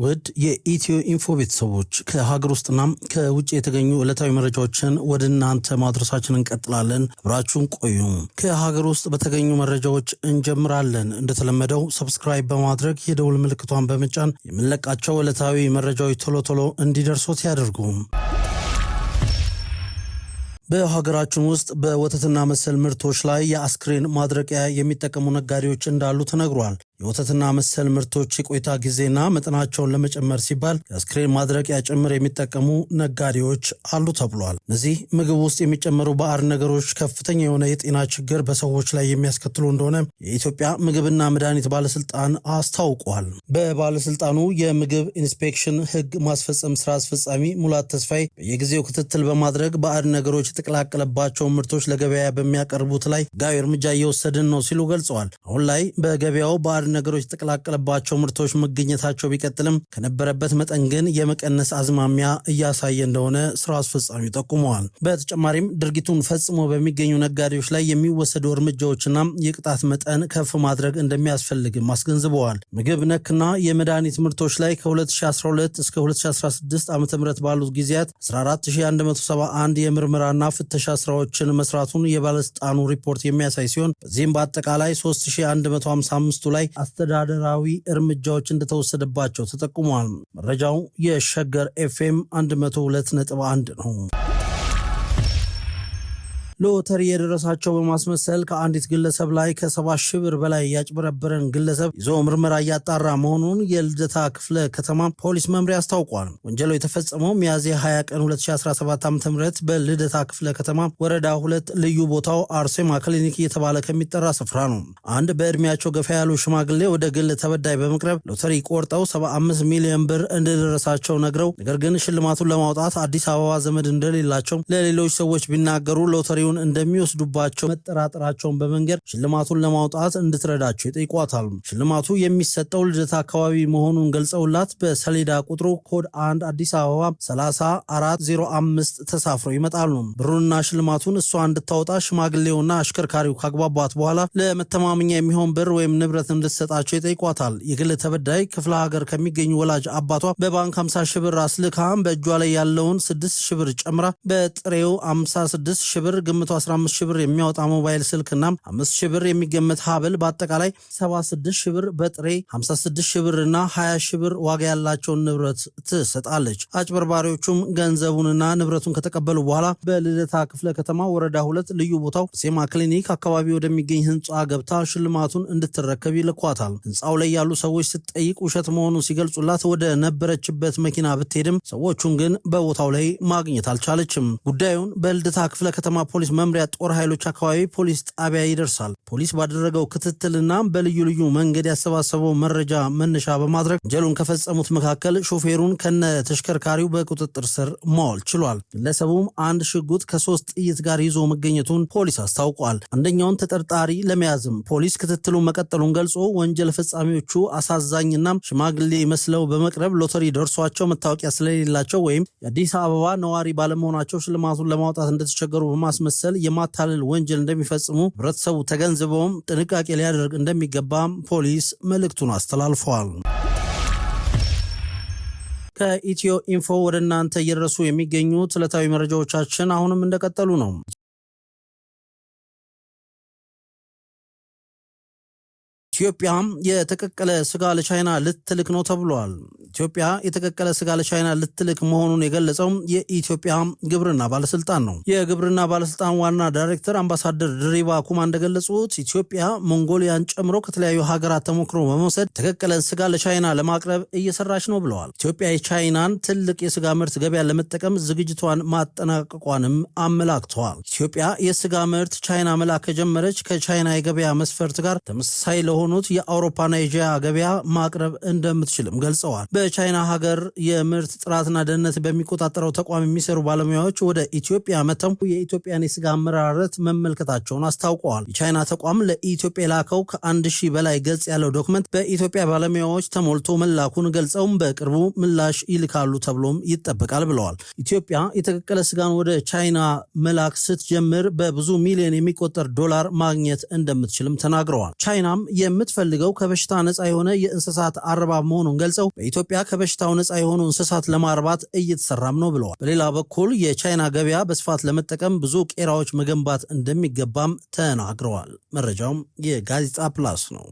ውድ የኢትዮ ኢንፎ ቤተሰቦች ከሀገር ውስጥና ከውጭ የተገኙ ዕለታዊ መረጃዎችን ወደ እናንተ ማድረሳችን እንቀጥላለን። አብራችሁን ቆዩ። ከሀገር ውስጥ በተገኙ መረጃዎች እንጀምራለን። እንደተለመደው ሰብስክራይብ በማድረግ የደውል ምልክቷን በመጫን የምንለቃቸው ዕለታዊ መረጃዎች ቶሎ ቶሎ እንዲደርሶት ያደርጉ። በሀገራችን ውስጥ በወተትና መሰል ምርቶች ላይ የአስክሬን ማድረቂያ የሚጠቀሙ ነጋዴዎች እንዳሉ ተነግሯል። የወተትና መሰል ምርቶች የቆይታ ጊዜና መጠናቸውን ለመጨመር ሲባል የአስክሬን ማድረቂያ ጭምር የሚጠቀሙ ነጋዴዎች አሉ ተብሏል። እነዚህ ምግብ ውስጥ የሚጨመሩ ባዕድ ነገሮች ከፍተኛ የሆነ የጤና ችግር በሰዎች ላይ የሚያስከትሉ እንደሆነ የኢትዮጵያ ምግብና መድኃኒት ባለስልጣን አስታውቋል። በባለስልጣኑ የምግብ ኢንስፔክሽን ህግ ማስፈጸም ስራ አስፈጻሚ ሙላት ተስፋይ በየጊዜው ክትትል በማድረግ ባዕድ ነገሮች የተቀላቀለባቸውን ምርቶች ለገበያ በሚያቀርቡት ላይ ህጋዊ እርምጃ እየወሰድን ነው ሲሉ ገልጸዋል። አሁን ላይ በገበያው ባዕድ ነገሮች የተቀላቀለባቸው ምርቶች መገኘታቸው ቢቀጥልም ከነበረበት መጠን ግን የመቀነስ አዝማሚያ እያሳየ እንደሆነ ስራ አስፈጻሚ ጠቁመዋል። በተጨማሪም ድርጊቱን ፈጽሞ በሚገኙ ነጋዴዎች ላይ የሚወሰዱ እርምጃዎችና የቅጣት መጠን ከፍ ማድረግ እንደሚያስፈልግም አስገንዝበዋል። ምግብ ነክና የመድኃኒት ምርቶች ላይ ከ2012 እስከ 2016 ዓ ም ባሉት ጊዜያት 14171 የምርመራና ፍተሻ ስራዎችን መስራቱን የባለስልጣኑ ሪፖርት የሚያሳይ ሲሆን በዚህም በአጠቃላይ 3155ቱ ላይ አስተዳደራዊ እርምጃዎች እንደተወሰደባቸው ተጠቁሟል። መረጃው የሸገር ኤፍኤም 102.1 ነው። ሎተሪ የደረሳቸው በማስመሰል ከአንዲት ግለሰብ ላይ ከሰባ ሺህ ብር በላይ ያጭበረበረን ግለሰብ ይዞ ምርመራ እያጣራ መሆኑን የልደታ ክፍለ ከተማ ፖሊስ መምሪያ አስታውቋል። ወንጀሉ የተፈጸመው ሚያዝያ 20 ቀን 2017 ዓ.ም በልደታ ክፍለ ከተማ ወረዳ ሁለት ልዩ ቦታው አርሴማ ክሊኒክ እየተባለ ከሚጠራ ስፍራ ነው። አንድ በእድሜያቸው ገፋ ያሉ ሽማግሌ ወደ ግል ተበዳይ በመቅረብ ሎተሪ ቆርጠው 75 ሚሊዮን ብር እንደደረሳቸው ነግረው፣ ነገር ግን ሽልማቱን ለማውጣት አዲስ አበባ ዘመድ እንደሌላቸው ለሌሎች ሰዎች ቢናገሩ ሎተሪው እርምጃዎቹን እንደሚወስዱባቸው መጠራጠራቸውን በመንገድ ሽልማቱን ለማውጣት እንድትረዳቸው ይጠይቋታል። ሽልማቱ የሚሰጠው ልደት አካባቢ መሆኑን ገልጸውላት በሰሌዳ ቁጥሩ ኮድ 1 አዲስ አበባ 3405 ተሳፍረው ይመጣሉ። ብሩንና ሽልማቱን እሷ እንድታወጣ ሽማግሌውና አሽከርካሪው ካግባባት በኋላ ለመተማመኛ የሚሆን ብር ወይም ንብረት እንድትሰጣቸው ይጠይቋታል። የግል ተበዳይ ክፍለ ሀገር ከሚገኙ ወላጅ አባቷ በባንክ 50 ሺህ ብር አስልካም በእጇ ላይ ያለውን 6 ሺህ ብር ጨምራ በጥሬው 56 ሺህ ብር ግምት 115 ሺህ ብር የሚያወጣ ሞባይል እና 5 ሺህ ብር የሚገመት ሀብል በአጠቃላይ 76 ሺህ ብር በጥሬ 56 ሺህ ብር እና 20 ሺህ ብር ዋጋ ያላቸውን ንብረት ትሰጣለች። አጭበርባሪዎቹም ገንዘቡንና ንብረቱን ከተቀበሉ በኋላ በልደታ ክፍለ ከተማ ወረዳ ሁለት ልዩ ቦታው ሴማ ክሊኒክ አካባቢ ወደሚገኝ ህንፃ ገብታ ሽልማቱን እንድትረከብ ይልኳታል። ህንፃው ላይ ያሉ ሰዎች ስትጠይቅ ውሸት መሆኑን ሲገልጹላት ወደ ነበረችበት መኪና ብትሄድም ሰዎቹን ግን በቦታው ላይ ማግኘት አልቻለችም። ጉዳዩን በልደታ ክፍለ ከተማ ፖሊስ ፖሊስ መምሪያ ጦር ኃይሎች አካባቢ ፖሊስ ጣቢያ ይደርሳል። ፖሊስ ባደረገው ክትትልና በልዩ ልዩ መንገድ ያሰባሰበው መረጃ መነሻ በማድረግ ወንጀሉን ከፈጸሙት መካከል ሾፌሩን ከነ ተሽከርካሪው በቁጥጥር ስር ማዋል ችሏል። ግለሰቡም አንድ ሽጉጥ ከሶስት ጥይት ጋር ይዞ መገኘቱን ፖሊስ አስታውቋል። አንደኛውን ተጠርጣሪ ለመያዝም ፖሊስ ክትትሉን መቀጠሉን ገልጾ ወንጀል ፈጻሚዎቹ አሳዛኝና ሽማግሌ መስለው በመቅረብ ሎተሪ ደርሷቸው መታወቂያ ስለሌላቸው ወይም የአዲስ አበባ ነዋሪ ባለመሆናቸው ሽልማቱን ለማውጣት እንደተቸገሩ በማስመ መሰል የማታለል ወንጀል እንደሚፈጽሙ ህብረተሰቡ ተገንዝበውም ጥንቃቄ ሊያደርግ እንደሚገባም ፖሊስ መልእክቱን አስተላልፈዋል። ከኢትዮ ኢንፎ ወደ እናንተ እየደረሱ የሚገኙት ዕለታዊ መረጃዎቻችን አሁንም እንደቀጠሉ ነው። ኢትዮጵያም የተቀቀለ ስጋ ለቻይና ልትልክ ነው ተብሏል። ኢትዮጵያ የተቀቀለ ስጋ ለቻይና ልትልክ መሆኑን የገለጸው የኢትዮጵያ ግብርና ባለስልጣን ነው። የግብርና ባለስልጣን ዋና ዳይሬክተር አምባሳደር ድሪባ ኩማ እንደገለጹት ኢትዮጵያ ሞንጎሊያን ጨምሮ ከተለያዩ ሀገራት ተሞክሮ በመውሰድ የተቀቀለን ስጋ ለቻይና ለማቅረብ እየሰራች ነው ብለዋል። ኢትዮጵያ የቻይናን ትልቅ የስጋ ምርት ገበያ ለመጠቀም ዝግጅቷን ማጠናቀቋንም አመላክተዋል። ኢትዮጵያ የስጋ ምርት ቻይና መላክ ከጀመረች ከቻይና የገበያ መስፈርት ጋር ተመሳሳይ ለሆኑ ለሆኑት የአውሮፓና የኤዥያ ገበያ ማቅረብ እንደምትችልም ገልጸዋል። በቻይና ሀገር የምርት ጥራትና ደህንነት በሚቆጣጠረው ተቋም የሚሰሩ ባለሙያዎች ወደ ኢትዮጵያ መተው የኢትዮጵያን የስጋ አመራረት መመልከታቸውን አስታውቀዋል። የቻይና ተቋም ለኢትዮጵያ የላከው ከአንድ ሺህ በላይ ገጽ ያለው ዶክመንት በኢትዮጵያ ባለሙያዎች ተሞልቶ መላኩን ገልጸውም በቅርቡ ምላሽ ይልካሉ ተብሎም ይጠበቃል ብለዋል። ኢትዮጵያ የተቀቀለ ስጋን ወደ ቻይና መላክ ስትጀምር በብዙ ሚሊዮን የሚቆጠር ዶላር ማግኘት እንደምትችልም ተናግረዋል። ቻይናም የም የምትፈልገው ከበሽታ ነጻ የሆነ የእንስሳት አረባብ መሆኑን ገልጸው በኢትዮጵያ ከበሽታው ነጻ የሆኑ እንስሳት ለማርባት እየተሰራም ነው ብለዋል። በሌላ በኩል የቻይና ገበያ በስፋት ለመጠቀም ብዙ ቄራዎች መገንባት እንደሚገባም ተናግረዋል። መረጃውም የጋዜጣ ፕላስ ነው።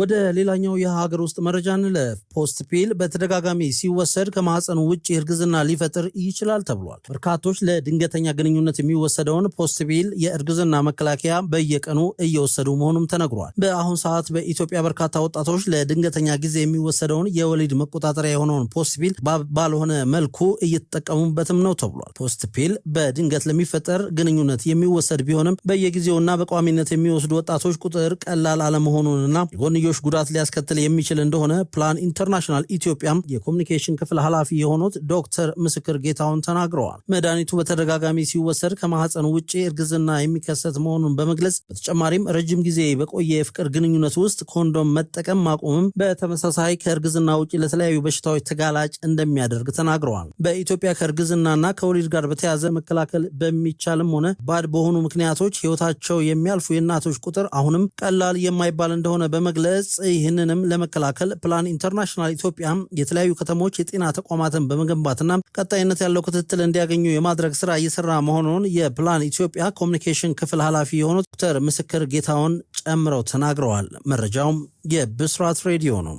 ወደ ሌላኛው የሀገር ውስጥ መረጃ እንለፍ። ፖስት ፒል በተደጋጋሚ ሲወሰድ ከማህፀኑ ውጭ እርግዝና ሊፈጥር ይችላል ተብሏል። በርካቶች ለድንገተኛ ግንኙነት የሚወሰደውን ፖስት ፒል የእርግዝና መከላከያ በየቀኑ እየወሰዱ መሆኑም ተነግሯል። በአሁኑ ሰዓት በኢትዮጵያ በርካታ ወጣቶች ለድንገተኛ ጊዜ የሚወሰደውን የወሊድ መቆጣጠሪያ የሆነውን ፖስት ፒል ባልሆነ መልኩ እየተጠቀሙበትም ነው ተብሏል። ፖስት ፒል በድንገት ለሚፈጠር ግንኙነት የሚወሰድ ቢሆንም በየጊዜውና በቋሚነት የሚወስዱ ወጣቶች ቁጥር ቀላል አለመሆኑንና የጎንዮሽ ጉዳት ሊያስከትል የሚችል እንደሆነ ፕላን ኢንተርናሽናል ኢትዮጵያም የኮሚኒኬሽን ክፍል ኃላፊ የሆኑት ዶክተር ምስክር ጌታውን ተናግረዋል። መድኃኒቱ በተደጋጋሚ ሲወሰድ ከማህፀን ውጭ እርግዝና የሚከሰት መሆኑን በመግለጽ በተጨማሪም ረጅም ጊዜ በቆየ የፍቅር ግንኙነት ውስጥ ኮንዶም መጠቀም ማቆምም በተመሳሳይ ከእርግዝና ውጭ ለተለያዩ በሽታዎች ተጋላጭ እንደሚያደርግ ተናግረዋል። በኢትዮጵያ ከእርግዝናና ከወሊድ ጋር በተያያዘ መከላከል በሚቻልም ሆነ ባድ በሆኑ ምክንያቶች ህይወታቸው የሚያልፉ የእናቶች ቁጥር አሁንም ቀላል የማይባል እንደሆነ በመግለጽ እጽ ይህንንም ለመከላከል ፕላን ኢንተርናሽናል ኢትዮጵያ የተለያዩ ከተሞች የጤና ተቋማትን በመገንባትና ቀጣይነት ያለው ክትትል እንዲያገኙ የማድረግ ስራ እየሰራ መሆኑን የፕላን ኢትዮጵያ ኮሚኒኬሽን ክፍል ኃላፊ የሆኑት ዶክተር ምስክር ጌታውን ጨምረው ተናግረዋል። መረጃውም የብስራት ሬዲዮ ነው።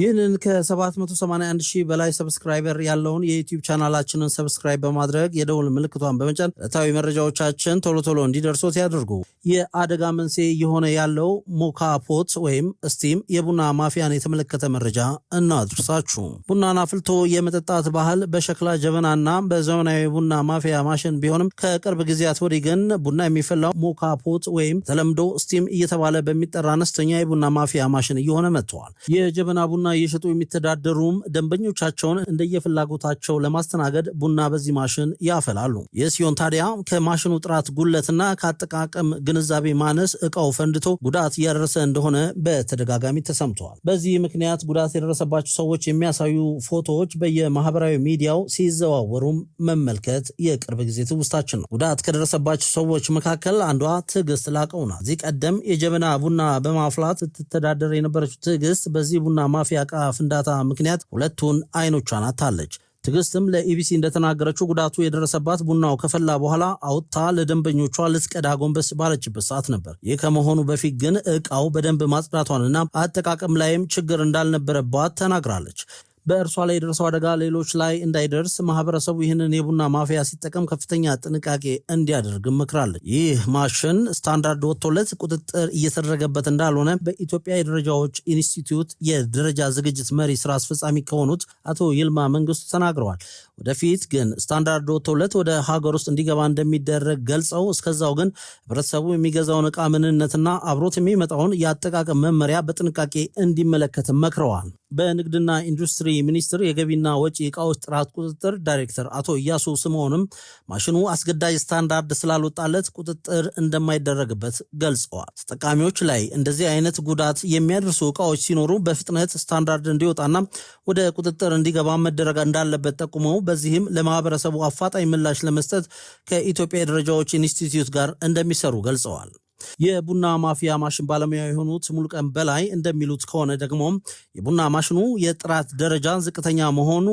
ይህንን ከ781 ሺህ በላይ ሰብስክራይበር ያለውን የዩቲዩብ ቻናላችንን ሰብስክራይብ በማድረግ የደውል ምልክቷን በመጫን ዕለታዊ መረጃዎቻችን ቶሎ ቶሎ እንዲደርሶት ያድርጉ። የአደጋ መንስኤ እየሆነ ያለው ሞካፖት ወይም ስቲም የቡና ማፊያን የተመለከተ መረጃ እናድርሳችሁ። ቡናን አፍልቶ የመጠጣት ባህል በሸክላ ጀበናና በዘመናዊ ቡና ማፊያ ማሽን ቢሆንም ከቅርብ ጊዜያት ወዲህ ግን ቡና የሚፈላው ሞካፖት ወይም ተለምዶ ስቲም እየተባለ በሚጠራ አነስተኛ የቡና ማፊያ ማሽን እየሆነ መጥተዋል። የጀበና ቡና እየሸጡና እየሸጡ የሚተዳደሩም ደንበኞቻቸውን እንደየፍላጎታቸው ለማስተናገድ ቡና በዚህ ማሽን ያፈላሉ። ይህ ሲሆን ታዲያ ከማሽኑ ጥራት ጉለትና ከአጠቃቀም ግንዛቤ ማነስ እቃው ፈንድቶ ጉዳት እያደረሰ እንደሆነ በተደጋጋሚ ተሰምተዋል። በዚህ ምክንያት ጉዳት የደረሰባቸው ሰዎች የሚያሳዩ ፎቶዎች በየማህበራዊ ሚዲያው ሲዘዋወሩም መመልከት የቅርብ ጊዜ ትውስታችን ነው። ጉዳት ከደረሰባቸው ሰዎች መካከል አንዷ ትዕግስት ላቀውና እዚህ ቀደም የጀበና ቡና በማፍላት ስትተዳደር የነበረችው ትዕግስት በዚህ ቡና ማፍያ የሻለቃ ፍንዳታ ምክንያት ሁለቱን አይኖቿን አታለች። ትግስትም ለኢቢሲ እንደተናገረችው ጉዳቱ የደረሰባት ቡናው ከፈላ በኋላ አውጥታ ለደንበኞቿ ልትቀዳ ጎንበስ ባለችበት ሰዓት ነበር። ይህ ከመሆኑ በፊት ግን ዕቃው በደንብ ማጽዳቷንና አጠቃቀም ላይም ችግር እንዳልነበረባት ተናግራለች። በእርሷ ላይ የደረሰው አደጋ ሌሎች ላይ እንዳይደርስ ማህበረሰቡ ይህንን የቡና ማፍያ ሲጠቀም ከፍተኛ ጥንቃቄ እንዲያደርግ እመክራለሁ። ይህ ማሽን ስታንዳርድ ወጥቶለት ቁጥጥር እየተደረገበት እንዳልሆነ በኢትዮጵያ የደረጃዎች ኢንስቲትዩት የደረጃ ዝግጅት መሪ ስራ አስፈጻሚ ከሆኑት አቶ ይልማ መንግስቱ ተናግረዋል። ወደፊት ግን ስታንዳርድ ወጥቶለት ወደ ሀገር ውስጥ እንዲገባ እንደሚደረግ ገልጸው እስከዛው ግን ህብረተሰቡ የሚገዛውን እቃ ምንነትና አብሮት የሚመጣውን የአጠቃቀም መመሪያ በጥንቃቄ እንዲመለከት መክረዋል። በንግድና ኢንዱስትሪ ሚኒስትር የገቢና ወጪ እቃዎች ጥራት ቁጥጥር ዳይሬክተር አቶ እያሱ ስምዖንም ማሽኑ አስገዳጅ ስታንዳርድ ስላልወጣለት ቁጥጥር እንደማይደረግበት ገልጸዋል። ተጠቃሚዎች ላይ እንደዚህ አይነት ጉዳት የሚያደርሱ እቃዎች ሲኖሩ በፍጥነት ስታንዳርድ እንዲወጣና ወደ ቁጥጥር እንዲገባ መደረግ እንዳለበት ጠቁመው በዚህም ለማህበረሰቡ አፋጣኝ ምላሽ ለመስጠት ከኢትዮጵያ የደረጃዎች ኢንስቲትዩት ጋር እንደሚሰሩ ገልጸዋል። የቡና ማፍያ ማሽን ባለሙያ የሆኑት ሙሉቀን በላይ እንደሚሉት ከሆነ ደግሞ የቡና ማሽኑ የጥራት ደረጃ ዝቅተኛ መሆኑ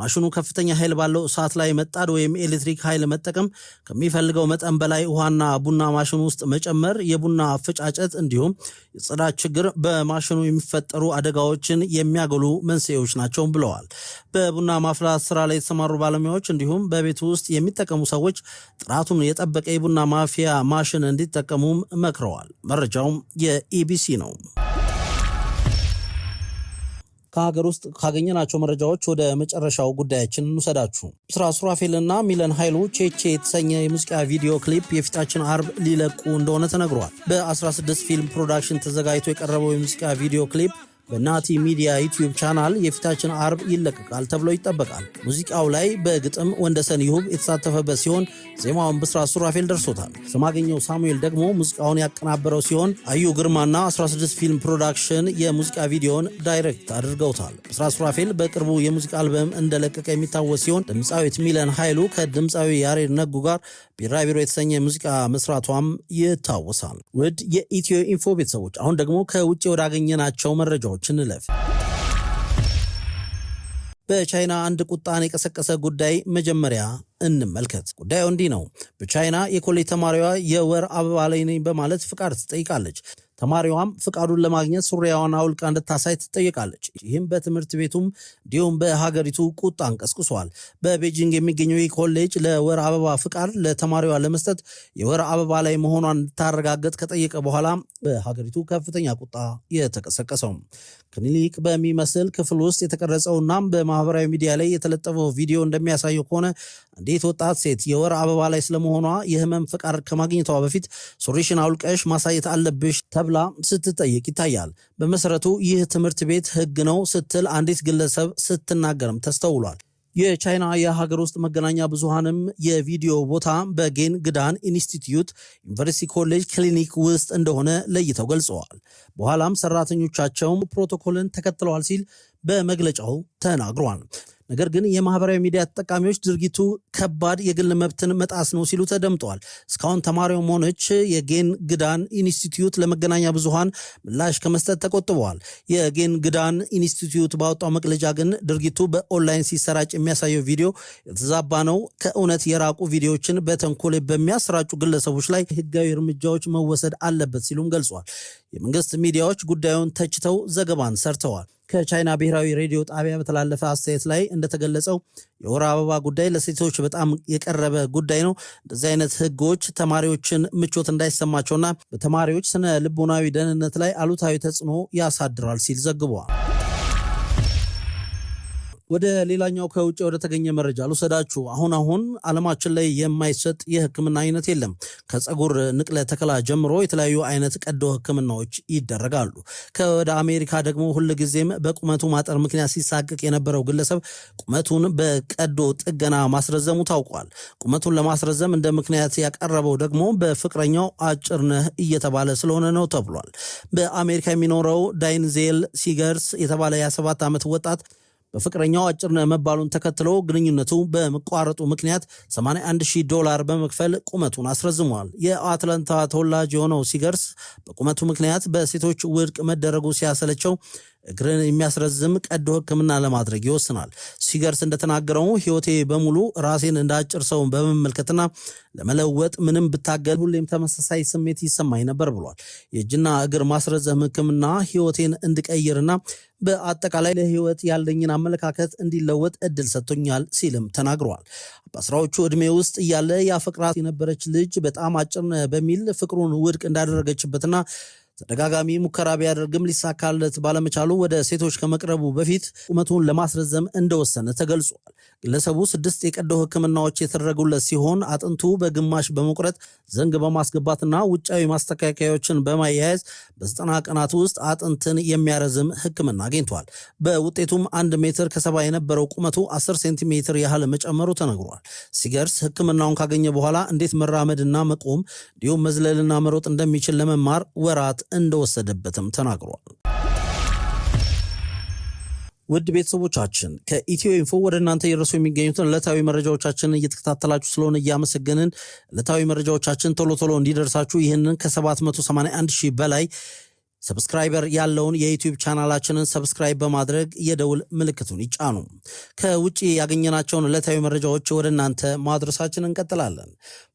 ማሽኑ ከፍተኛ ኃይል ባለው እሳት ላይ መጣድ ወይም ኤሌክትሪክ ኃይል መጠቀም ከሚፈልገው መጠን በላይ ውሃና ቡና ማሽኑ ውስጥ መጨመር፣ የቡና አፈጫጨት እንዲሁም የጽዳት ችግር በማሽኑ የሚፈጠሩ አደጋዎችን የሚያገሉ መንስኤዎች ናቸው ብለዋል። በቡና ማፍላት ስራ ላይ የተሰማሩ ባለሙያዎች እንዲሁም በቤት ውስጥ የሚጠቀሙ ሰዎች ጥራቱን የጠበቀ የቡና ማፍያ ማሽን እንዲጠቀሙም መክረዋል። መረጃውም የኢቢሲ ነው። ከሀገር ውስጥ ካገኘናቸው መረጃዎች ወደ መጨረሻው ጉዳያችን እንውሰዳችሁ። ስራ ሱራፌልና ሚለን ኃይሉ ቼቼ የተሰኘ የሙዚቃ ቪዲዮ ክሊፕ የፊታችን አርብ ሊለቁ እንደሆነ ተነግሯል። በ16 ፊልም ፕሮዳክሽን ተዘጋጅቶ የቀረበው የሙዚቃ ቪዲዮ ክሊፕ በናቲ ሚዲያ ዩቲዩብ ቻናል የፊታችን አርብ ይለቀቃል ተብሎ ይጠበቃል። ሙዚቃው ላይ በግጥም ወንደሰን ይሁብ የተሳተፈበት ሲሆን ዜማውን ብስራት ሱራፌል ደርሶታል። ስማገኘው ሳሙኤል ደግሞ ሙዚቃውን ያቀናበረው ሲሆን አዩ ግርማና 16 ፊልም ፕሮዳክሽን የሙዚቃ ቪዲዮን ዳይሬክት አድርገውታል። ብስራት ሱራፌል በቅርቡ የሙዚቃ አልበም እንደለቀቀ የሚታወስ ሲሆን ድምፃዊት ሚለን ኃይሉ ከድምፃዊ ያሬድ ነጉ ጋር ቢራቢሮ የተሰኘ ሙዚቃ መስራቷም ይታወሳል። ውድ የኢትዮ ኢንፎ ቤተሰቦች አሁን ደግሞ ከውጭ ወዳገኘናቸው መረጃዎች መረጃዎች እንለፍ። በቻይና አንድ ቁጣን የቀሰቀሰ ጉዳይ መጀመሪያ እንመልከት። ጉዳዩ እንዲህ ነው። በቻይና የኮሌጅ ተማሪዋ የወር አበባ ላይ ነኝ በማለት ፍቃድ ትጠይቃለች። ተማሪዋም ፍቃዱን ለማግኘት ሱሪያዋን አውልቃ እንድታሳይ ትጠየቃለች። ይህም በትምህርት ቤቱም እንዲሁም በሀገሪቱ ቁጣን ቀስቅሷል። በቤጂንግ የሚገኘው ይህ ኮሌጅ ለወር አበባ ፍቃድ ለተማሪዋ ለመስጠት የወር አበባ ላይ መሆኗን እንድታረጋገጥ ከጠየቀ በኋላ በሀገሪቱ ከፍተኛ ቁጣ የተቀሰቀሰው ክሊኒክ በሚመስል ክፍል ውስጥ የተቀረጸውና በማህበራዊ ሚዲያ ላይ የተለጠፈው ቪዲዮ እንደሚያሳየው ከሆነ እንዴት ወጣት ሴት የወር አበባ ላይ ስለመሆኗ የህመም ፍቃድ ከማግኘቷ በፊት ሱሪሽን አውልቀሽ ማሳየት አለብሽ ተብ ተብላ ስትጠይቅ ይታያል። በመሰረቱ ይህ ትምህርት ቤት ህግ ነው ስትል አንዲት ግለሰብ ስትናገርም ተስተውሏል። የቻይና የሀገር ውስጥ መገናኛ ብዙሃንም የቪዲዮ ቦታ በጌን ግዳን ኢንስቲትዩት ዩኒቨርሲቲ ኮሌጅ ክሊኒክ ውስጥ እንደሆነ ለይተው ገልጸዋል። በኋላም ሰራተኞቻቸውም ፕሮቶኮልን ተከትለዋል ሲል በመግለጫው ተናግሯል። ነገር ግን የማህበራዊ ሚዲያ ተጠቃሚዎች ድርጊቱ ከባድ የግል መብትን መጣስ ነው ሲሉ ተደምጠዋል። እስካሁን ተማሪውም ሆነች የጌን ግዳን ኢንስቲትዩት ለመገናኛ ብዙሃን ምላሽ ከመስጠት ተቆጥበዋል። የጌን ግዳን ኢንስቲትዩት ባወጣው መግለጫ ግን ድርጊቱ በኦንላይን ሲሰራጭ የሚያሳየው ቪዲዮ የተዛባ ነው፣ ከእውነት የራቁ ቪዲዮዎችን በተንኮል በሚያሰራጩ ግለሰቦች ላይ ህጋዊ እርምጃዎች መወሰድ አለበት ሲሉም ገልጿል። የመንግስት ሚዲያዎች ጉዳዩን ተችተው ዘገባን ሰርተዋል። ከቻይና ብሔራዊ ሬዲዮ ጣቢያ በተላለፈ አስተያየት ላይ እንደተገለጸው የወር አበባ ጉዳይ ለሴቶች በጣም የቀረበ ጉዳይ ነው። እንደዚህ አይነት ህጎች ተማሪዎችን ምቾት እንዳይሰማቸውና በተማሪዎች ስነ ልቦናዊ ደህንነት ላይ አሉታዊ ተጽዕኖ ያሳድራል ሲል ዘግቧል። ወደ ሌላኛው ከውጭ ወደ ተገኘ መረጃ ልውሰዳችሁ። አሁን አሁን ዓለማችን ላይ የማይሰጥ የህክምና አይነት የለም። ከፀጉር ንቅለ ተከላ ጀምሮ የተለያዩ አይነት ቀዶ ህክምናዎች ይደረጋሉ። ከወደ አሜሪካ ደግሞ ጊዜም በቁመቱ ማጠር ምክንያት ሲሳቅቅ የነበረው ግለሰብ ቁመቱን በቀዶ ጥገና ማስረዘሙ ታውቋል። ቁመቱን ለማስረዘም እንደ ምክንያት ያቀረበው ደግሞ በፍቅረኛው አጭር ነህ እየተባለ ስለሆነ ነው ተብሏል። በአሜሪካ የሚኖረው ዳይንዜል ሲገርስ የተባለ የ27 ዓመት ወጣት በፍቅረኛው አጭር መባሉን ተከትሎ ግንኙነቱ በመቋረጡ ምክንያት 81 ሺህ ዶላር በመክፈል ቁመቱን አስረዝሟል። የአትላንታ ተወላጅ የሆነው ሲገርስ በቁመቱ ምክንያት በሴቶች ውድቅ መደረጉ ሲያሰለቸው እግርን የሚያስረዝም ቀዶ ሕክምና ለማድረግ ይወስናል። ሲገርስ እንደተናገረው ህይወቴ በሙሉ ራሴን እንዳጭር አጭር ሰውን በመመልከትና ለመለወጥ ምንም ብታገል ሁሌም ተመሳሳይ ስሜት ይሰማኝ ነበር ብሏል። የእጅና እግር ማስረዘም ሕክምና ህይወቴን እንድቀይርና በአጠቃላይ ለህይወት ያለኝን አመለካከት እንዲለወጥ እድል ሰጥቶኛል ሲልም ተናግረዋል። በአስራዎቹ ዕድሜ ውስጥ እያለ ያፈቅራት የነበረች ልጅ በጣም አጭር በሚል ፍቅሩን ውድቅ እንዳደረገችበትና ተደጋጋሚ ሙከራ ቢያደርግም ሊሳካለት ባለመቻሉ ወደ ሴቶች ከመቅረቡ በፊት ቁመቱን ለማስረዘም እንደወሰነ ተገልጿል። ግለሰቡ ስድስት የቀዶ ሕክምናዎች የተደረጉለት ሲሆን አጥንቱ በግማሽ በመቁረጥ ዘንግ በማስገባትና ውጫዊ ማስተካከያዎችን በማያያዝ በዘጠና ቀናት ውስጥ አጥንትን የሚያረዝም ሕክምና አግኝቷል። በውጤቱም አንድ ሜትር ከሰባ የነበረው ቁመቱ አስር ሴንቲሜትር ያህል መጨመሩ ተነግሯል። ሲገርስ ሕክምናውን ካገኘ በኋላ እንዴት መራመድና መቆም እንዲሁም መዝለልና መሮጥ እንደሚችል ለመማር ወራት እንደወሰደበትም ተናግሯል። ውድ ቤተሰቦቻችን ከኢትዮ ኢንፎ ወደ እናንተ እየደረሱ የሚገኙትን ዕለታዊ መረጃዎቻችንን እየተከታተላችሁ ስለሆነ እያመሰገንን ዕለታዊ መረጃዎቻችን ቶሎ ቶሎ እንዲደርሳችሁ ይህንን ከ781 ሺህ በላይ ሰብስክራይበር ያለውን የዩቲዩብ ቻናላችንን ሰብስክራይብ በማድረግ የደውል ምልክቱን ይጫኑ። ከውጭ ያገኘናቸውን ዕለታዊ መረጃዎች ወደ እናንተ ማድረሳችን እንቀጥላለን።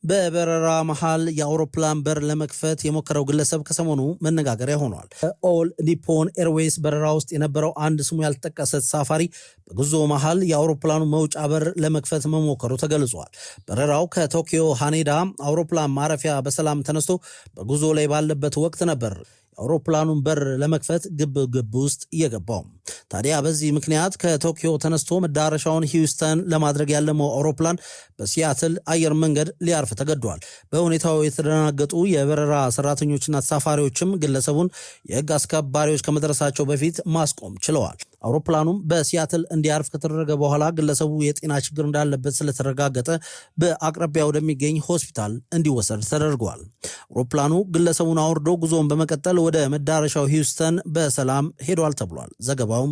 በበረራ መሃል የአውሮፕላን በር ለመክፈት የሞከረው ግለሰብ ከሰሞኑ መነጋገሪያ ሆኗል። ኦል ኒፖን ኤርዌይስ በረራ ውስጥ የነበረው አንድ ስሙ ያልተጠቀሰ ተሳፋሪ በጉዞ መሃል የአውሮፕላኑ መውጫ በር ለመክፈት መሞከሩ ተገልጿል። በረራው ከቶኪዮ ሃኔዳ አውሮፕላን ማረፊያ በሰላም ተነስቶ በጉዞ ላይ ባለበት ወቅት ነበር የአውሮፕላኑን በር ለመክፈት ግብ ግብ ውስጥ እየገባው። ታዲያ በዚህ ምክንያት ከቶኪዮ ተነስቶ መዳረሻውን ሂውስተን ለማድረግ ያለመው አውሮፕላን በሲያትል አየር መንገድ ሊያርፍ ተገዷል። በሁኔታው የተደናገጡ የበረራ ሰራተኞችና ተሳፋሪዎችም ግለሰቡን የህግ አስከባሪዎች ከመድረሳቸው በፊት ማስቆም ችለዋል። አውሮፕላኑም በሲያትል እንዲያርፍ ከተደረገ በኋላ ግለሰቡ የጤና ችግር እንዳለበት ስለተረጋገጠ በአቅራቢያ ወደሚገኝ ሆስፒታል እንዲወሰድ ተደርጓል። አውሮፕላኑ ግለሰቡን አውርዶ ጉዞውን በመቀጠል ወደ መዳረሻው ሂውስተን በሰላም ሄዷል ተብሏል። ዘገባውም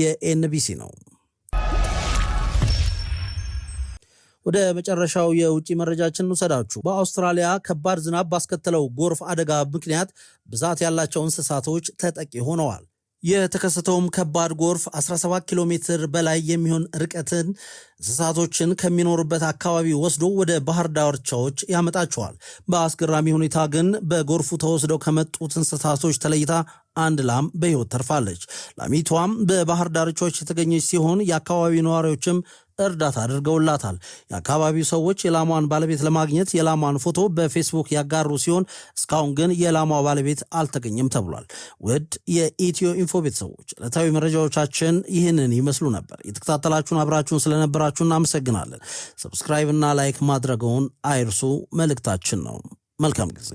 የኤንቢሲ ነው። ወደ መጨረሻው የውጭ መረጃችን እንውሰዳችሁ። በአውስትራሊያ ከባድ ዝናብ ባስከተለው ጎርፍ አደጋ ምክንያት ብዛት ያላቸው እንስሳቶች ተጠቂ ሆነዋል። የተከሰተውም ከባድ ጎርፍ 17 ኪሎ ሜትር በላይ የሚሆን ርቀትን እንስሳቶችን ከሚኖሩበት አካባቢ ወስዶ ወደ ባህር ዳርቻዎች ያመጣቸዋል። በአስገራሚ ሁኔታ ግን በጎርፉ ተወስደው ከመጡት እንስሳቶች ተለይታ አንድ ላም በሕይወት ተርፋለች። ላሚቷም በባህር ዳርቻዎች የተገኘች ሲሆን የአካባቢ ነዋሪዎችም እርዳታ አድርገውላታል። የአካባቢው ሰዎች የላሟን ባለቤት ለማግኘት የላሟን ፎቶ በፌስቡክ ያጋሩ ሲሆን እስካሁን ግን የላሟ ባለቤት አልተገኘም ተብሏል። ውድ የኢትዮ ኢንፎ ቤተሰቦች ዕለታዊ መረጃዎቻችን ይህንን ይመስሉ ነበር። የተከታተላችሁን አብራችሁን ስለነበራችሁ እናመሰግናለን። ሰብስክራይብ እና ላይክ ማድረገውን አይርሱ መልእክታችን ነው። መልካም ጊዜ